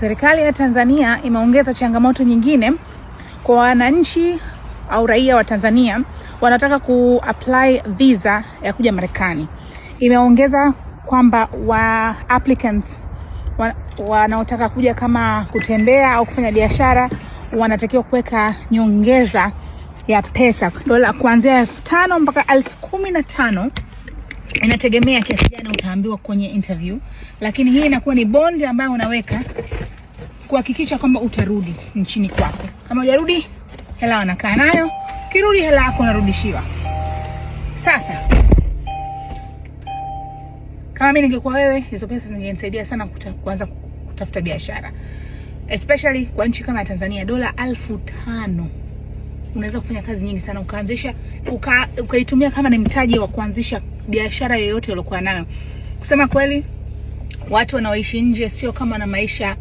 Serikali ya Tanzania imeongeza changamoto nyingine kwa wananchi au raia wa Tanzania wanataka kuapply visa ya kuja Marekani. Imeongeza kwamba wa applicants wanaotaka wa kuja kama kutembea au kufanya biashara wanatakiwa kuweka nyongeza ya pesa dola kuanzia elfu tano mpaka elfu kumi na tano inategemea kiasi gani utaambiwa kwenye interview, lakini hii inakuwa ni bond ambayo unaweka kuhakikisha kwamba utarudi nchini kwako. Kama hujarudi, hela wanakaa nayo, ukirudi hela yako unarudishiwa. Sasa kama mimi ningekuwa wewe, hizo pesa zingenisaidia sana kuta, kuanza kutafuta biashara especially kwa nchi kama ya Tanzania, dola elfu tano unaweza kufanya kazi nyingi sana ukaanzisha uka, ukaitumia kama ni mtaji wa kuanzisha biashara yoyote uliokuwa nayo. Kusema kweli, watu wanaoishi nje sio kama na maisha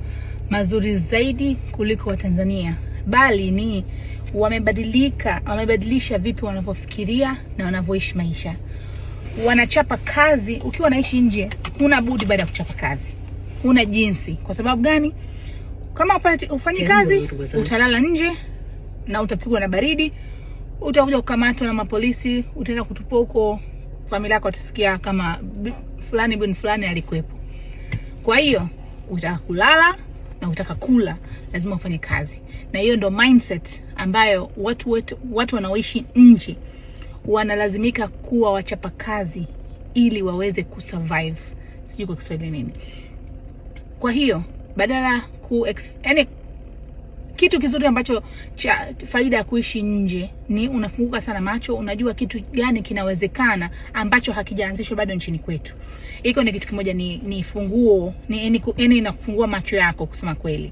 mazuri zaidi kuliko Watanzania, bali ni wamebadilika, wamebadilisha vipi wanavyofikiria na wanavyoishi maisha. Wanachapa kazi. Ukiwa naishi nje, huna budi baada ya kuchapa kazi, huna jinsi. Kwa sababu gani? Kama ufanyi kazi, utalala nje na utapigwa na baridi, utakuja kukamatwa na mapolisi, utaenda kutupa huko, familia yako watasikia kama fulani bin fulani alikuwepo. Kwa hiyo utaka kulala na utaka kula lazima ufanye kazi, na hiyo ndo mindset ambayo watu, watu, watu wanaoishi nje wanalazimika kuwa wachapa kazi ili waweze kusurvive, sijui kwa Kiswahili nini. Kwa hiyo badala ku yani, kitu kizuri ambacho cha faida ya kuishi nje ni unafunguka sana macho, unajua kitu gani kinawezekana ambacho hakijaanzishwa bado nchini kwetu. Hiko ni kitu kimoja, ni, ni funguo ni yani yani inakufungua macho yako kusema kweli,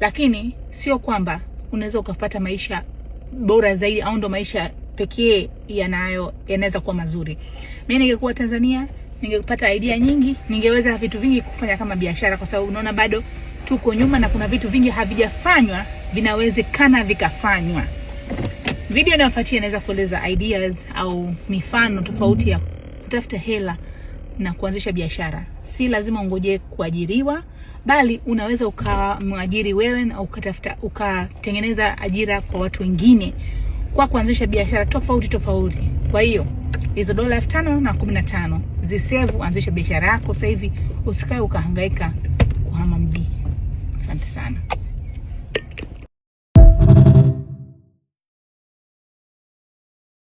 lakini sio kwamba unaweza ukapata maisha bora zaidi au ndo maisha pekee yanayo yanaweza kuwa mazuri. Mimi ningekuwa Tanzania ningepata idea nyingi, ningeweza vitu vingi kufanya kama biashara, kwa sababu unaona bado tuko nyuma na kuna vitu vingi havijafanywa, vinawezekana vikafanywa. Video inayofuatia inaweza kueleza ideas au mifano tofauti ya kutafuta hela na kuanzisha biashara. Si lazima ungoje kuajiriwa, bali unaweza ukawa mwajiri wewe na ukatafuta ukatengeneza ajira kwa watu wengine kwa kuanzisha biashara tofauti tofauti. Kwa hiyo hizo dola elfu tano na kumi na tano zisevu, anzisha biashara yako sasa hivi, usikae ukahangaika kuhama mjini. Asante sana.